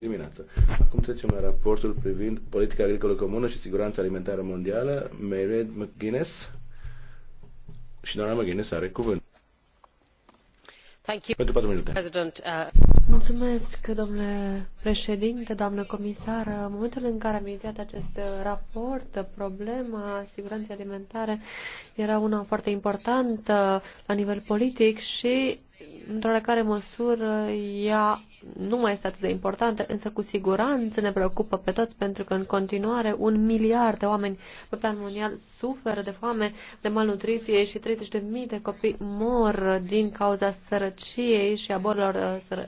dimineață. Acum trecem la raportul privind politica agricolă comună și siguranța alimentară mondială, Maired McGuinness. Și doamna McGuinness are cuvânt. Thank you. Pentru 4 minute. President, uh... Mulțumesc, domnule președinte, doamnă comisară. În momentul în care am inițiat acest raport, problema siguranței alimentare era una foarte importantă la nivel politic și într-o care măsură, ea nu mai este atât de importantă, însă cu siguranță ne preocupă pe toți, pentru că în continuare un miliard de oameni pe plan mondial suferă de foame, de malnutriție și 30 de, mii de copii mor din cauza sărăciei și a bolilor uh, sără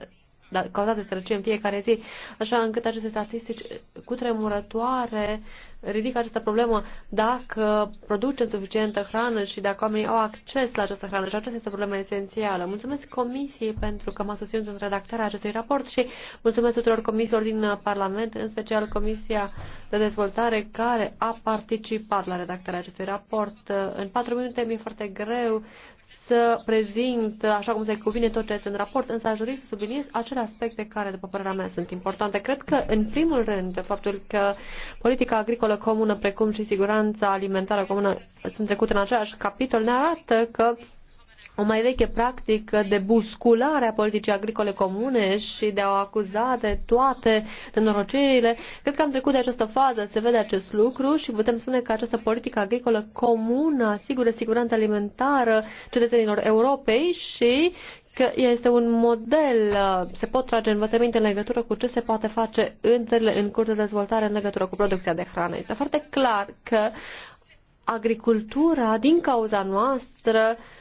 da, cauzate sărăcie în fiecare zi, așa încât aceste statistici cutremurătoare ridică această problemă dacă producem suficientă hrană și dacă oamenii au acces la această hrană. Și aceasta este problema esențială. Mulțumesc Comisiei pentru că m-a susținut în redactarea acestui raport și mulțumesc tuturor comisiilor din Parlament, în special Comisia de Dezvoltare, care a participat la redactarea acestui raport. În patru minute mi-e foarte greu să prezint așa cum se cuvine tot ce este în raport, însă aș dori să subliniez acele aspecte care, după părerea mea, sunt importante. Cred că, în primul rând, faptul că politica agricolă comună, precum și siguranța alimentară comună, sunt trecute în același capitol, ne arată că o mai veche practică de busculare a politicii agricole comune și de a o acuza de toate nenorocirile. Cred că am trecut de această fază, se vede acest lucru și putem spune că această politică agricolă comună asigură siguranța alimentară cetățenilor Europei și că este un model, se pot trage învățăminte în legătură cu ce se poate face în țările în curs de dezvoltare în legătură cu producția de hrană. Este foarte clar că agricultura, din cauza noastră, uh,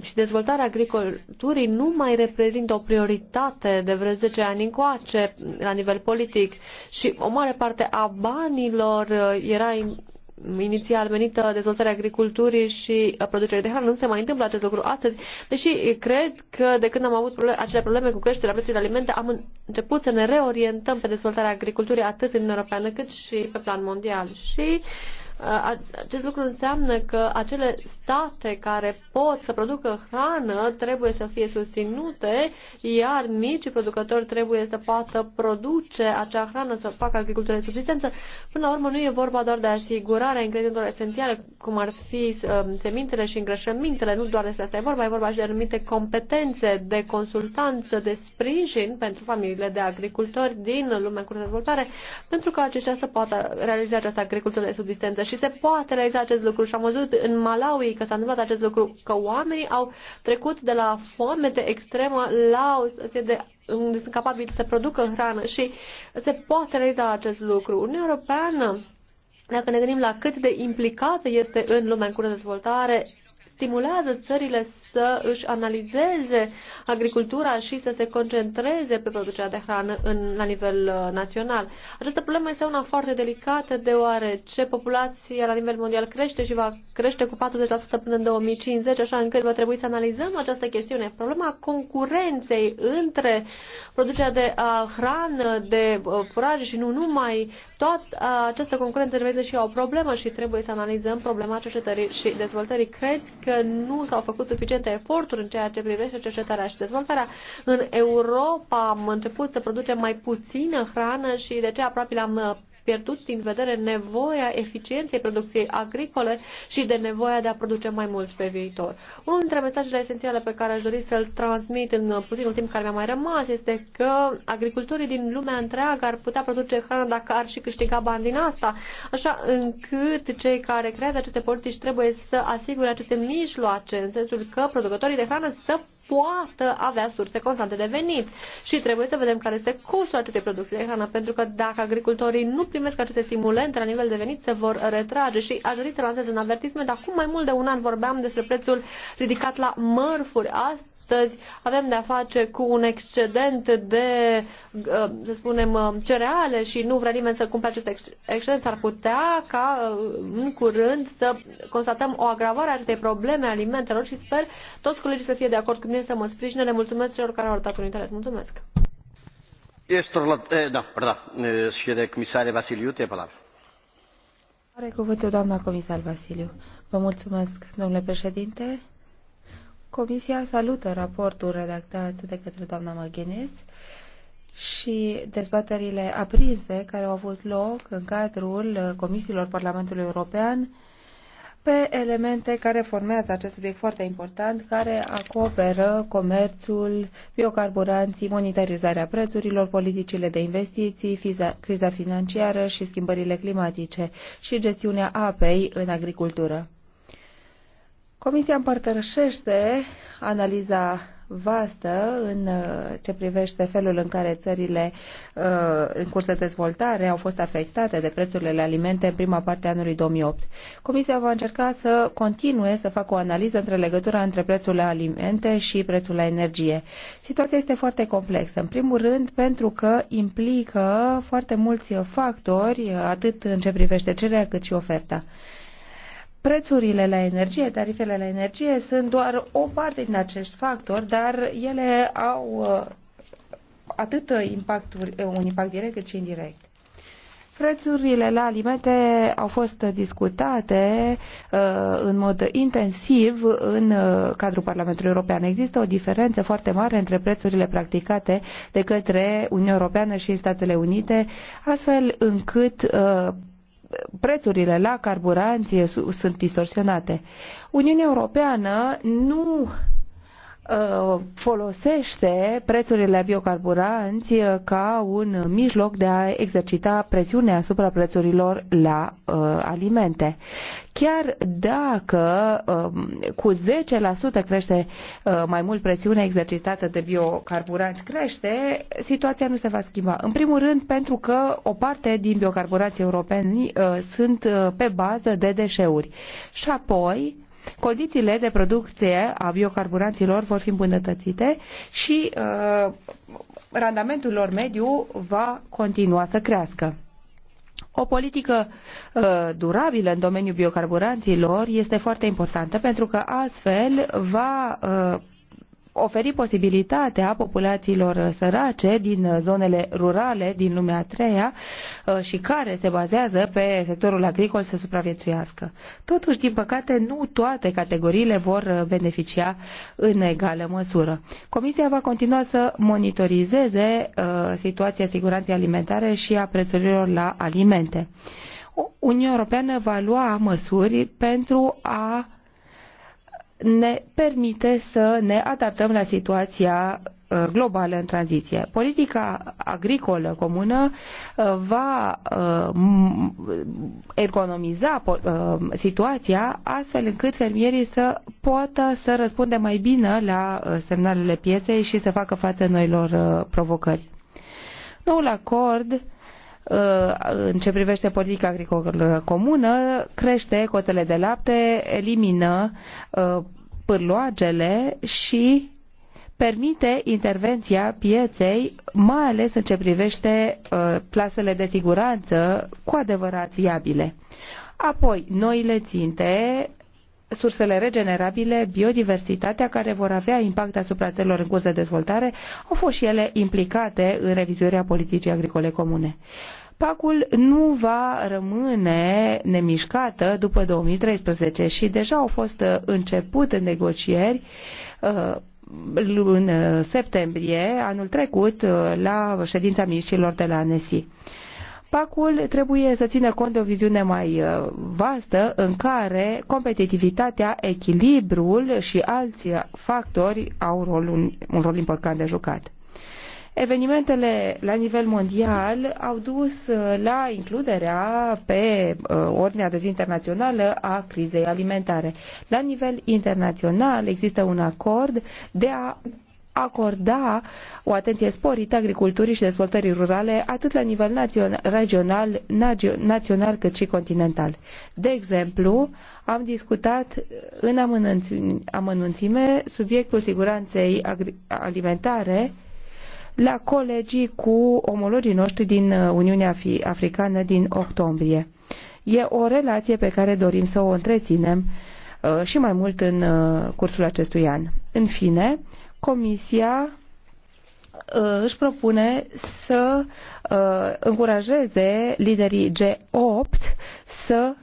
și dezvoltarea agriculturii nu mai reprezintă o prioritate de vreo 10 ani încoace la nivel politic și o mare parte a banilor uh, era inițial menită dezvoltarea agriculturii și uh, producerii de hrană. Nu se mai întâmplă acest lucru astăzi, deși cred că de când am avut probleme, acele probleme cu creșterea prețurilor alimente, am început să ne reorientăm pe dezvoltarea agriculturii atât în Europeană cât și pe plan mondial. Și uh, acest lucru înseamnă că acele state care pot să producă hrană trebuie să fie susținute, iar mici producători trebuie să poată produce acea hrană, să facă agricultură de subsistență. Până la urmă nu e vorba doar de asigurarea ingredientelor esențiale, cum ar fi um, semintele și îngrășămintele, nu doar despre asta e vorba, e vorba și de anumite competențe, de consultanță, de sprijin pentru familiile de agricultori din lumea cu dezvoltare, pentru că aceștia să poată realiza această agricultură de subsistență și se poate realiza acest lucru și am văzut în Malawi faptului că s-a întâmplat acest lucru, că oamenii au trecut de la foamete extremă la o situație de unde sunt capabili să producă hrană și se poate realiza acest lucru. Uniunea Europeană dacă ne gândim la cât de implicată este în lumea în curs de dezvoltare, stimulează țările să își analizeze agricultura și să se concentreze pe producerea de hrană în, la nivel uh, național. Această problemă este una foarte delicată deoarece populația la nivel mondial crește și va crește cu 40% până în 2050, așa încât va trebui să analizăm această chestiune. Problema concurenței între producerea de uh, hrană, de uh, furaje și nu numai tot uh, această concurență reprezintă și o problemă și trebuie să analizăm problema cercetării și dezvoltării. Cred că nu s-au făcut suficiente eforturi în ceea ce privește cercetarea și dezvoltarea. În Europa am început să producem mai puțină hrană și de ce aproape l-am uh, pierduți din vedere nevoia eficienței producției agricole și de nevoia de a produce mai mult pe viitor. Unul dintre mesajele esențiale pe care aș dori să-l transmit în puținul timp care mi-a mai rămas este că agricultorii din lumea întreagă ar putea produce hrană dacă ar și câștiga bani din asta, așa încât cei care creează aceste politici trebuie să asigure aceste mijloace, în sensul că producătorii de hrană să poată avea surse constante de venit. Și trebuie să vedem care este costul acestei producții de hrană, pentru că dacă agricultorii nu primesc aceste stimulente la nivel de venit se vor retrage și aș dori să lansez un avertisment. Acum mai mult de un an vorbeam despre prețul ridicat la mărfuri. Astăzi avem de a face cu un excedent de, uh, să spunem, uh, cereale și nu vrea nimeni să cumpere acest excedent. S-ar putea ca uh, în curând să constatăm o agravare a acestei probleme alimentelor și sper toți colegii să fie de acord cu mine să mă sprijine. Le mulțumesc celor care au arătat un interes. Mulțumesc! Da, are cuvântul doamna comisar Vasiliu. Vă mulțumesc, domnule președinte. Comisia salută raportul redactat de către doamna Măghenes și dezbaterile aprinse care au avut loc în cadrul uh, comisiilor Parlamentului European pe elemente care formează acest subiect foarte important, care acoperă comerțul, biocarburanții, monitorizarea prețurilor, politicile de investiții, fiza, criza financiară și schimbările climatice și gestiunea apei în agricultură. Comisia împărtășește analiza vastă în uh, ce privește felul în care țările uh, în curs de dezvoltare au fost afectate de prețurile la alimente în prima parte a anului 2008. Comisia va încerca să continue să facă o analiză între legătura între prețul la alimente și prețul la energie. Situația este foarte complexă, în primul rând pentru că implică foarte mulți factori, atât în ce privește cererea cât și oferta. Prețurile la energie, tarifele la energie sunt doar o parte din acești factori, dar ele au uh, atât impactul, un impact direct cât și indirect. Prețurile la alimente au fost discutate uh, în mod intensiv în uh, cadrul Parlamentului European. Există o diferență foarte mare între prețurile practicate de către Uniunea Europeană și Statele Unite, astfel încât uh, prețurile la carburanți sunt distorsionate. Uniunea Europeană nu Uh, folosește prețurile biocarburanți uh, ca un mijloc de a exercita presiune asupra prețurilor la uh, alimente. Chiar dacă uh, cu 10% crește uh, mai mult presiunea exercitată de biocarburanți crește, situația nu se va schimba. În primul rând pentru că o parte din biocarburanți europeni uh, sunt uh, pe bază de deșeuri. Și apoi Condițiile de producție a biocarburanților vor fi îmbunătățite și uh, randamentul lor mediu va continua să crească. O politică uh, durabilă în domeniul biocarburanților este foarte importantă pentru că astfel va uh, oferi posibilitatea populațiilor sărace din zonele rurale din lumea a treia uh, și care se bazează pe sectorul agricol să supraviețuiască. Totuși, din păcate, nu toate categoriile vor uh, beneficia în egală măsură. Comisia va continua să monitorizeze uh, situația siguranței alimentare și a prețurilor la alimente. Uniunea Europeană va lua măsuri pentru a ne permite să ne adaptăm la situația uh, globală în tranziție. Politica agricolă comună uh, va uh, economiza situația astfel încât fermierii să poată să răspundă mai bine la semnalele pieței și să facă față noilor provocări. Noul acord Uh, în ce privește politica agricolă comună, crește cotele de lapte, elimină uh, pârloagele și permite intervenția pieței, mai ales în ce privește uh, plasele de siguranță cu adevărat viabile. Apoi, noile ținte sursele regenerabile, biodiversitatea, care vor avea impact asupra țărilor în curs de dezvoltare, au fost și ele implicate în revizuirea politicii agricole comune. PAC-ul nu va rămâne nemișcată după 2013 și deja au fost uh, începute negocieri uh, în uh, septembrie anul trecut la ședința miniștrilor de la ANSI. Pacul trebuie să țină cont de o viziune mai uh, vastă în care competitivitatea, echilibrul și alți factori au un rol, un, un rol important de jucat. Evenimentele la nivel mondial au dus uh, la includerea pe uh, ordinea de zi internațională a crizei alimentare. La nivel internațional există un acord de a acorda o atenție sporită agriculturii și dezvoltării rurale, atât la nivel național, regional, național cât și continental. De exemplu, am discutat în amănunțime subiectul siguranței alimentare la colegii cu omologii noștri din uh, Uniunea Africană din octombrie. E o relație pe care dorim să o întreținem uh, și mai mult în uh, cursul acestui an. În fine, Comisia uh, își propune să uh, încurajeze liderii G8 să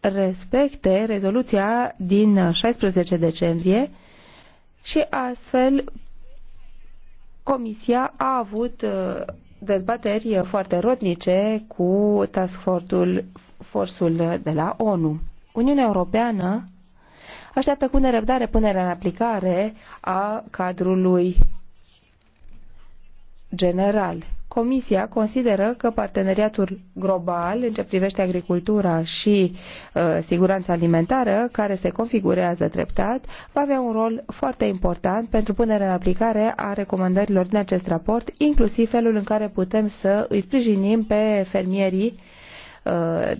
respecte rezoluția din 16 decembrie și astfel Comisia a avut uh, dezbateri foarte rotnice cu task force-ul de la ONU. Uniunea Europeană așteaptă cu nerăbdare punerea în aplicare a cadrului general. Comisia consideră că parteneriatul global în ce privește agricultura și uh, siguranța alimentară, care se configurează treptat, va avea un rol foarte important pentru punerea în aplicare a recomandărilor din acest raport, inclusiv felul în care putem să îi sprijinim pe fermierii uh,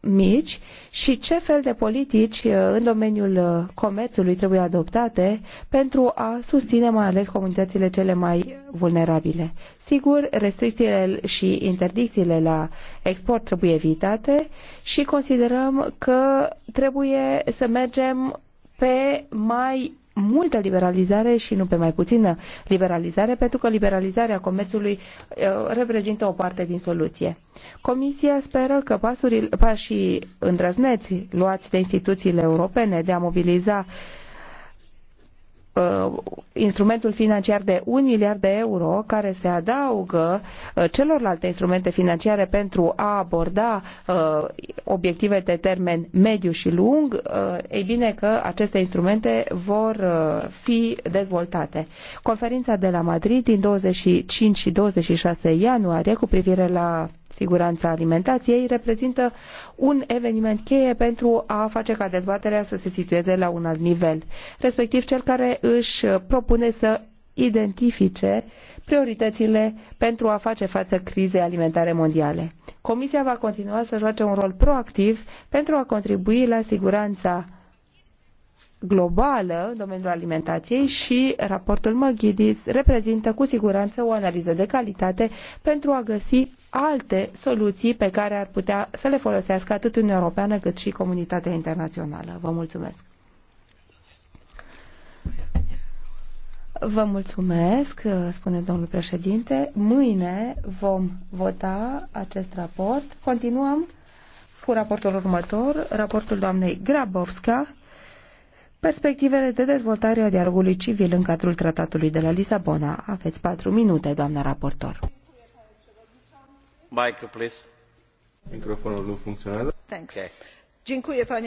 mici și ce fel de politici uh, în domeniul uh, comerțului trebuie adoptate pentru a susține mai ales comunitățile cele mai vulnerabile. Sigur, restricțiile și interdicțiile la export trebuie evitate și considerăm că trebuie să mergem pe mai multă liberalizare și nu pe mai puțină liberalizare, pentru că liberalizarea comerțului uh, reprezintă o parte din soluție. Comisia speră că pasurile, pașii îndrăzneți luați de instituțiile europene de a mobiliza uh, Uh, instrumentul financiar de 1 miliard de euro care se adaugă uh, celorlalte instrumente financiare pentru a aborda uh, obiective de termen mediu și lung, ei bine că aceste instrumente vor fi dezvoltate. Conferința de la Madrid din 25 și 26 ianuarie cu privire la siguranța alimentației reprezintă un eveniment cheie pentru a face ca dezbaterea să se situeze la un alt nivel, respectiv cel care își propune să identifice prioritățile pentru a face față crizei alimentare mondiale. Comisia va continua să joace un rol proactiv pentru a contribui la siguranța globală în domeniul alimentației și raportul McGuinness reprezintă cu siguranță o analiză de calitate pentru a găsi alte soluții pe care ar putea să le folosească atât Uniunea Europeană cât și comunitatea internațională. Vă mulțumesc! Vă mulțumesc, spune domnul președinte. Mâine vom vota acest raport. Continuăm cu raportul următor, raportul doamnei Grabovska, perspectivele de dezvoltare a dialogului civil în cadrul tratatului de la Lisabona. Aveți patru minute, doamna raportor. Micro, please. Microfonul nu funcționează. Thanks.